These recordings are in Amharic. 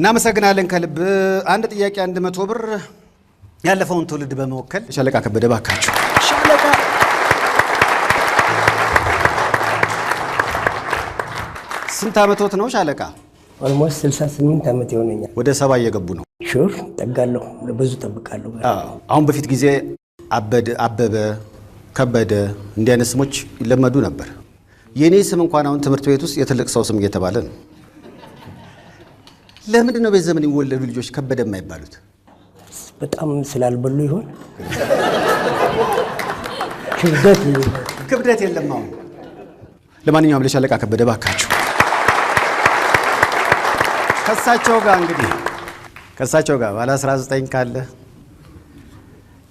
እናመሰግናለን ከልብ። አንድ ጥያቄ አንድ መቶ ብር ያለፈውን ትውልድ በመወከል ሻለቃ ከበደ ባካችሁ። ስንት አመቶት ነው ሻለቃ? ኦልሞስት 68 ዓመት ይሆነኛል። ወደ ሰባ እየገቡ ነው። ሹር ጠጋለሁ፣ ብዙ ጠብቃለሁ። አሁን በፊት ጊዜ አበደ፣ አበበ፣ ከበደ እንዲህ አይነት ስሞች ይለመዱ ነበር። የእኔ ስም እንኳን አሁን ትምህርት ቤት ውስጥ የትልቅ ሰው ስም እየተባለ ነው። ለምንድን ነው በዚህ ዘመን የሚወለዱ ልጆች ከበደ የማይባሉት? በጣም ስላልበሉ ይሆን? ክብደት ክብደት የለም። አሁን ለማንኛውም አለቃ ከበደ ባካችሁ ከሳቸው ጋር እንግዲህ ከሳቸው ጋር ባለ 19 ካለ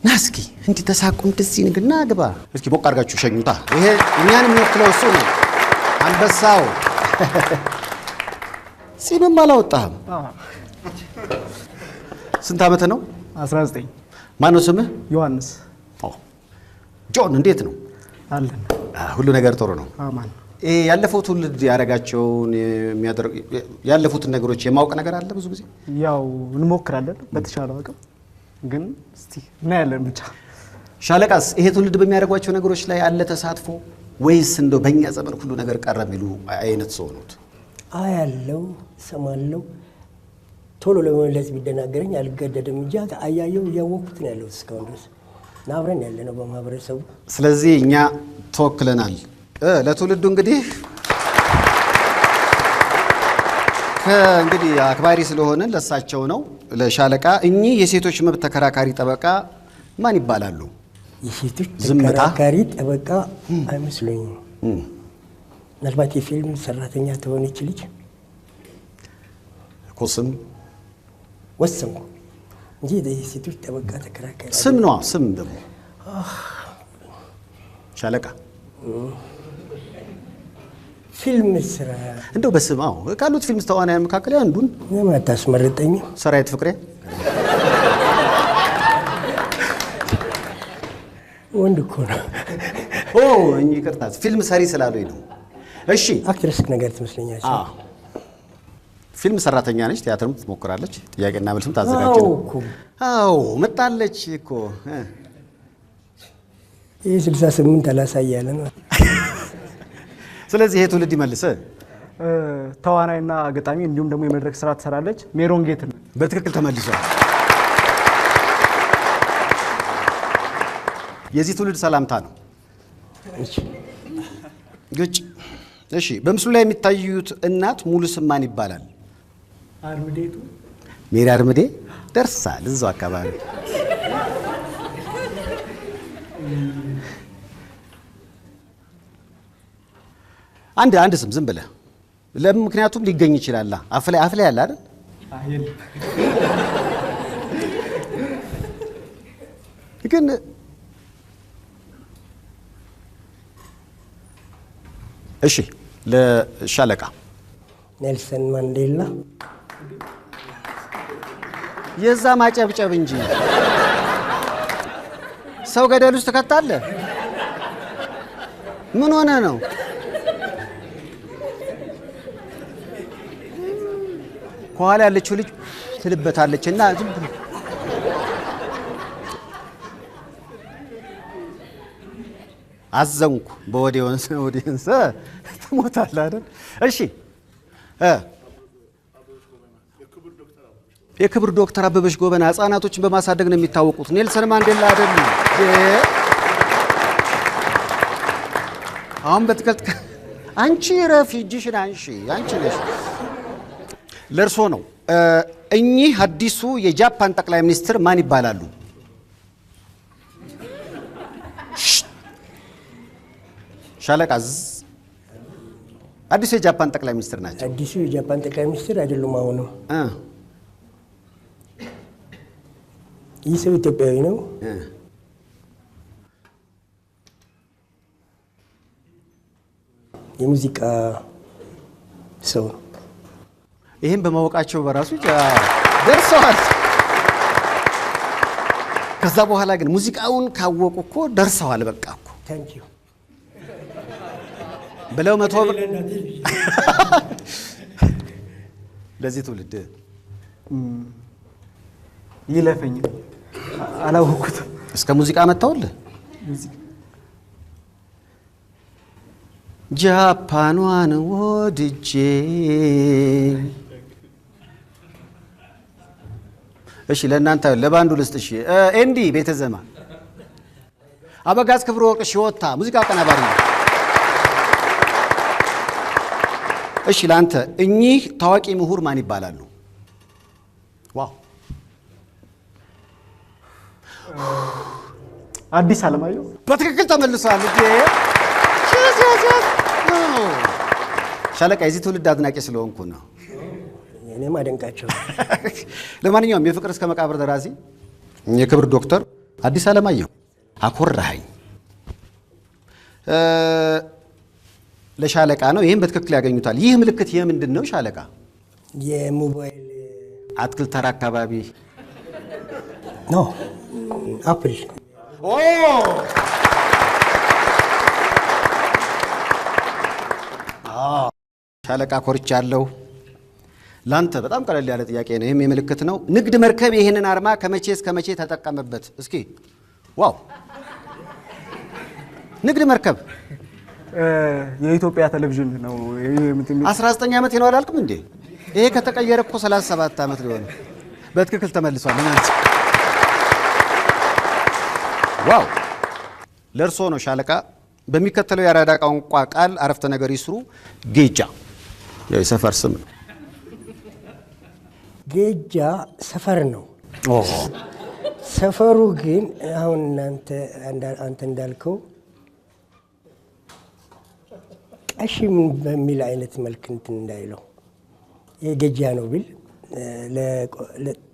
ና እስኪ እንዲህ ተሳቁም እንደዚህ ንግና ግባ እስኪ ሞቅ አድርጋችሁ ሸኙታ። ይሄ እኛን የሚወክለው እሱ ነው አንበሳው ጺምም አላወጣህም። ስንት ዓመት ነው? 19 ማነው ስምህ? ዮሐንስ ጆን። እንዴት ነው አለን? ሁሉ ነገር ጥሩ ነው። ያለፈው ትውልድ ያደረጋቸውን ያለፉትን ነገሮች የማወቅ ነገር አለ። ብዙ ጊዜ ያው እንሞክራለን በተሻለው አቅም፣ ግን እስቲ እናያለን ብቻ። ሻለቃስ ይሄ ትውልድ በሚያደርጓቸው ነገሮች ላይ አለ ተሳትፎ ወይስ እንደው በእኛ ዘመን ሁሉ ነገር ቀረ የሚሉ አይነት ሰው ነዎት? አያለው፣ ሰማለው ቶሎ ለመመለስ ቢደናገረኝ አልገደድም እንጂ አያየው እያወቅኩት ነው ያለሁት እስካሁን ድረስ እና አብረን ያለ ነው በማህበረሰቡ። ስለዚህ እኛ ተወክለናል ለትውልዱ እንግዲህ እንግዲህ አክባሪ ስለሆነ ለሳቸው ነው ለሻለቃ። እኚህ የሴቶች መብት ተከራካሪ ጠበቃ ማን ይባላሉ? የሴቶች ተከራካሪ ጠበቃ አይመስለኝም። ምናልባት የፊልም ሰራተኛ ተሆነች ልጅ እኮ ስም ወሰንኩ እንጂ ሴቶች ጠበቃ ተከራካሪ ስም ነዋ። ስም ደግሞ ሻለቃ ፊልም ስራ እንደው በስም አዎ፣ ካሉት ፊልም ተዋናያን መካከል አንዱን ለምን አታስመርጠኝም? ሰራዊት ፍቅሬ ወንድ እኮ ነው። ይቅርታ ፊልም ሰሪ ስላሉኝ ነው። እሺ አክትረስክ ነገር ትመስለኛለች። ፊልም ሰራተኛ ነች፣ ቲያትርም ትሞክራለች፣ ጥያቄና መልስም ታዘጋጅ። አዎ መጣለች እኮ ይህ ስልሳ ስምንት አላሳያለ ነው። ስለዚህ ይሄ ትውልድ ይመልስ ተዋናይና ገጣሚ እንዲሁም ደግሞ የመድረክ ስራ ትሰራለች። ሜሮን ጌት በትክክል ተመልሷል። የዚህ ትውልድ ሰላምታ ነው ግጭ እሺ በምስሉ ላይ የሚታዩት እናት ሙሉ ስም ማን ይባላል? አርምዴቱ ሜሪ አርምዴ ደርሳል። እዛው አካባቢ አንድ አንድ ስም ዝም ብለህ ለም ምክንያቱም ሊገኝ ይችላል። አፍ ላይ አፍ ላይ ያለ አይደል? አይል ግን እሺ ለሻለቃ ኔልሰን ማንዴላ የዛ ማጨብጨብ እንጂ ሰው ገደል ውስጥ ከታለ ምን ሆነ ነው? ከኋላ ያለችው ልጅ ትልበታለች እና አዘንኩ። በወዲዮንስ ወዲዮንስ ትሞታለህ አይደል? እሺ የክብር ዶክተር አበበች ጎበና ህጻናቶችን በማሳደግ ነው የሚታወቁት። ኔልሰን ማንዴላ አይደል? አሁን በትከልት አንቺ ረፊ እጅሽን አንሺ። አንቺ ነሽ ለእርሶ ነው። እኚህ አዲሱ የጃፓን ጠቅላይ ሚኒስትር ማን ይባላሉ? ሻለቃ አዲሱ የጃፓን ጠቅላይ ሚኒስትር ናቸው። አዲሱ የጃፓን ጠቅላይ ሚኒስትር አይደሉም። አሁኑ ይህ ሰው ኢትዮጵያዊ ነው። የሙዚቃ ሰው ነው። ይህም በማወቃቸው በራሱ ደርሰዋል። ከዛ በኋላ ግን ሙዚቃውን ካወቁ እኮ ደርሰዋል። በቃ እኮ ብለው መቶ ብር ለዚህ ትውልድ ይለፈኝ አላወኩትም። እስከ ሙዚቃ መጥተውል ጃፓኗን ወድጄ እሺ፣ ለእናንተ ለባንዱ ልስጥ። እሺ፣ ኤንዲ ቤተዘማ አበጋዝ ክብረ ወርቅ ሽወታ ሙዚቃ አቀናባሪ ነው። እሺ ለአንተ እኚህ ታዋቂ ምሁር ማን ይባላሉ? ዋው አዲስ አለማየሁ በትክክል ተመልሰዋል። ሻለቃ የዚህ ትውልድ አድናቂ ስለሆንኩ ነው። እኔም አደንቃቸው። ለማንኛውም የፍቅር እስከ መቃብር ደራሲ የክብር ዶክተር አዲስ አለማየሁ አኮራሃኝ። ለሻለቃ ነው። ይህም በትክክል ያገኙታል። ይህ ምልክት የምንድን ነው ሻለቃ? የሞባይል አትክልት ተራ አካባቢ ኖ አፕል ሻለቃ ኮርች ያለው ላንተ በጣም ቀለል ያለ ጥያቄ ነው። ይህም የምልክት ነው። ንግድ መርከብ ይህንን አርማ ከመቼ እስከ መቼ ተጠቀመበት? እስኪ ዋው! ንግድ መርከብ የኢትዮጵያ ቴሌቪዥን ነው። 19 ዓመት ይኖር አልክም እንዴ? ይሄ ከተቀየረ እኮ 37 ዓመት ሊሆን በትክክል ተመልሷል። ዋው! ለእርሶ ነው ሻለቃ። በሚከተለው የአራዳ ቋንቋ ቃል አረፍተ ነገር ይስሩ። ጌጃ የሰፈር ስም ነው። ጌጃ ሰፈር ነው። ሰፈሩ ግን አሁን አንተ እንዳልከው እሺ ምን በሚል አይነት መልክ እንትን እንዳይለው የገጃ ነው ቢል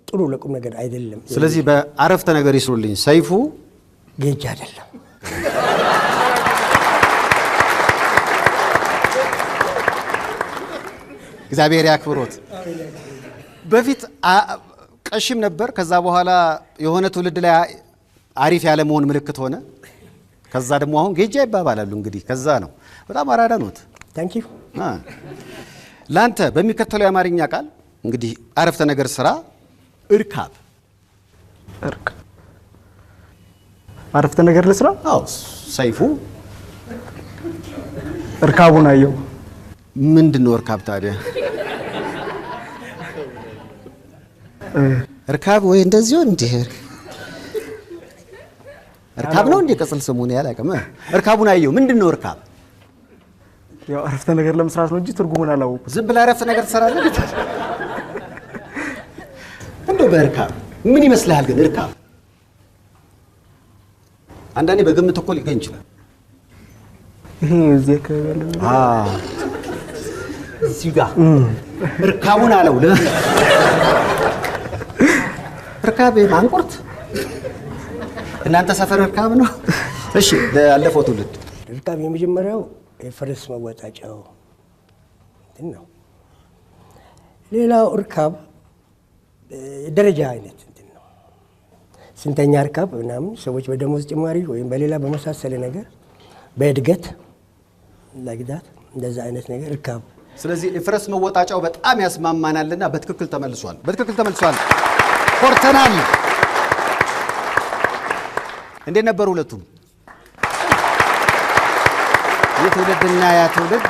ጥሩ ለቁም ነገር አይደለም። ስለዚህ በአረፍተ ነገር ይስሩልኝ። ሰይፉ ገጃ አይደለም። እግዚአብሔር ያክብሮት። በፊት ቀሽም ነበር። ከዛ በኋላ የሆነ ትውልድ ላይ አሪፍ ያለመሆን ምልክት ሆነ። ከዛ ደግሞ አሁን ጌጃ ይባባላሉ። እንግዲህ ከዛ ነው። በጣም አራዳ ኖት። ዩ። ለአንተ በሚከተለው የአማርኛ ቃል እንግዲህ አረፍተ ነገር ስራ እርካብ አረፍተ ነገር ልስራ። አዎ ሰይፉ እርካቡን አየው። ምንድን ነው እርካብ ታዲያ? እርካብ ወይ እንደዚህ ሆን እርካብ ነው እንዴ ቅጽል ስሙ? ነው ያላቀመ እርካቡን አየሁ። ምንድን ነው እርካብ? ያው አረፍተ ነገር ለመስራት ነው እንጂ ትርጉሙን አላወኩም። ዝም ብለህ አረፍተ ነገር ትሰራለህ። እንዴ በእርካብ ምን ይመስልሃል ግን? እርካብ አንዳንዴ በግምት እኮ ሊገኝ ይችላል። እዚህ አካባቢ ያለ እዚህ እርካቡን አለው። እርካቤ ማንቁርት እናንተ ሰፈር እርካብ ነው? እሺ፣ ያለፈው ትውልድ እርካብ የመጀመሪያው የፈረስ መወጣጫው እንትን ነው። ሌላው እርካብ ደረጃ አይነት እንትን ነው። ስንተኛ እርካብ ምናምን ሰዎች በደሞዝ ጭማሪ ወይም በሌላ በመሳሰለ ነገር በእድገት ለግዳት እንደዛ አይነት ነገር እርካብ። ስለዚህ የፈረስ መወጣጫው በጣም ያስማማናልና በትክክል ተመልሷል። በትክክል ተመልሷል። ኮርተናል። እንዴት ነበር ሁለቱም? የትውልድና ያ ትውልድ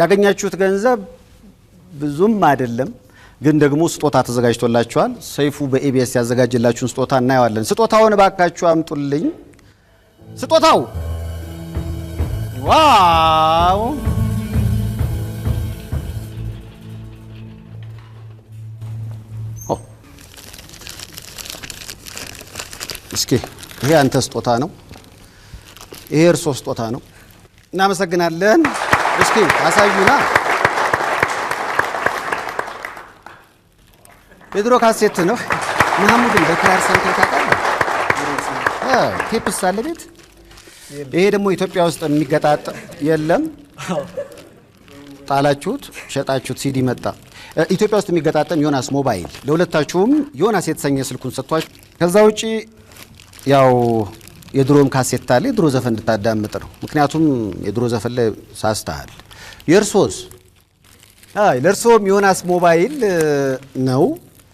ያገኛችሁት ገንዘብ ብዙም አይደለም፣ ግን ደግሞ ስጦታ ተዘጋጅቶላችኋል። ሰይፉ በኢቢኤስ ያዘጋጅላችሁን ስጦታ እናየዋለን። ስጦታውን እባካችሁ አምጡልኝ። ስጦታው ዋው! እስኪ ይሄ አንተ ስጦታ ነው፣ ይሄ እርሶ ስጦታ ነው። እናመሰግናለን። እስኪ አሳዩና የድሮ ካሴት ነው። መሐሙድን በክራር ሰምተህ ታውቃለህ? ቴፕስ አለ ቤት። ይሄ ደግሞ ኢትዮጵያ ውስጥ የሚገጣጥ የለም። ጣላችሁት፣ ሸጣችሁት፣ ሲዲ መጣ። ኢትዮጵያ ውስጥ የሚገጣጠም ዮናስ ሞባይል ለሁለታችሁም ዮናስ የተሰኘ ስልኩን ሰጥቷችሁ ከዛ ውጪ ያው የድሮም ካሴት ታለ የድሮ ዘፈን እንድታዳምጥ ነው። ምክንያቱም የድሮ ዘፈን ላይ ሳስተሃል። የእርሶስ? አይ ለእርሶም ዮናስ ሞባይል ነው።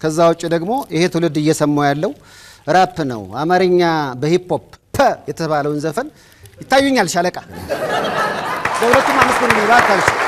ከዛ ውጭ ደግሞ ይሄ ትውልድ እየሰማው ያለው ራፕ ነው። አማርኛ በሂፕሆፕ የተባለውን ዘፈን ይታዩኛል ሻለቃ ገብረቱም አመስገን ባካልሽ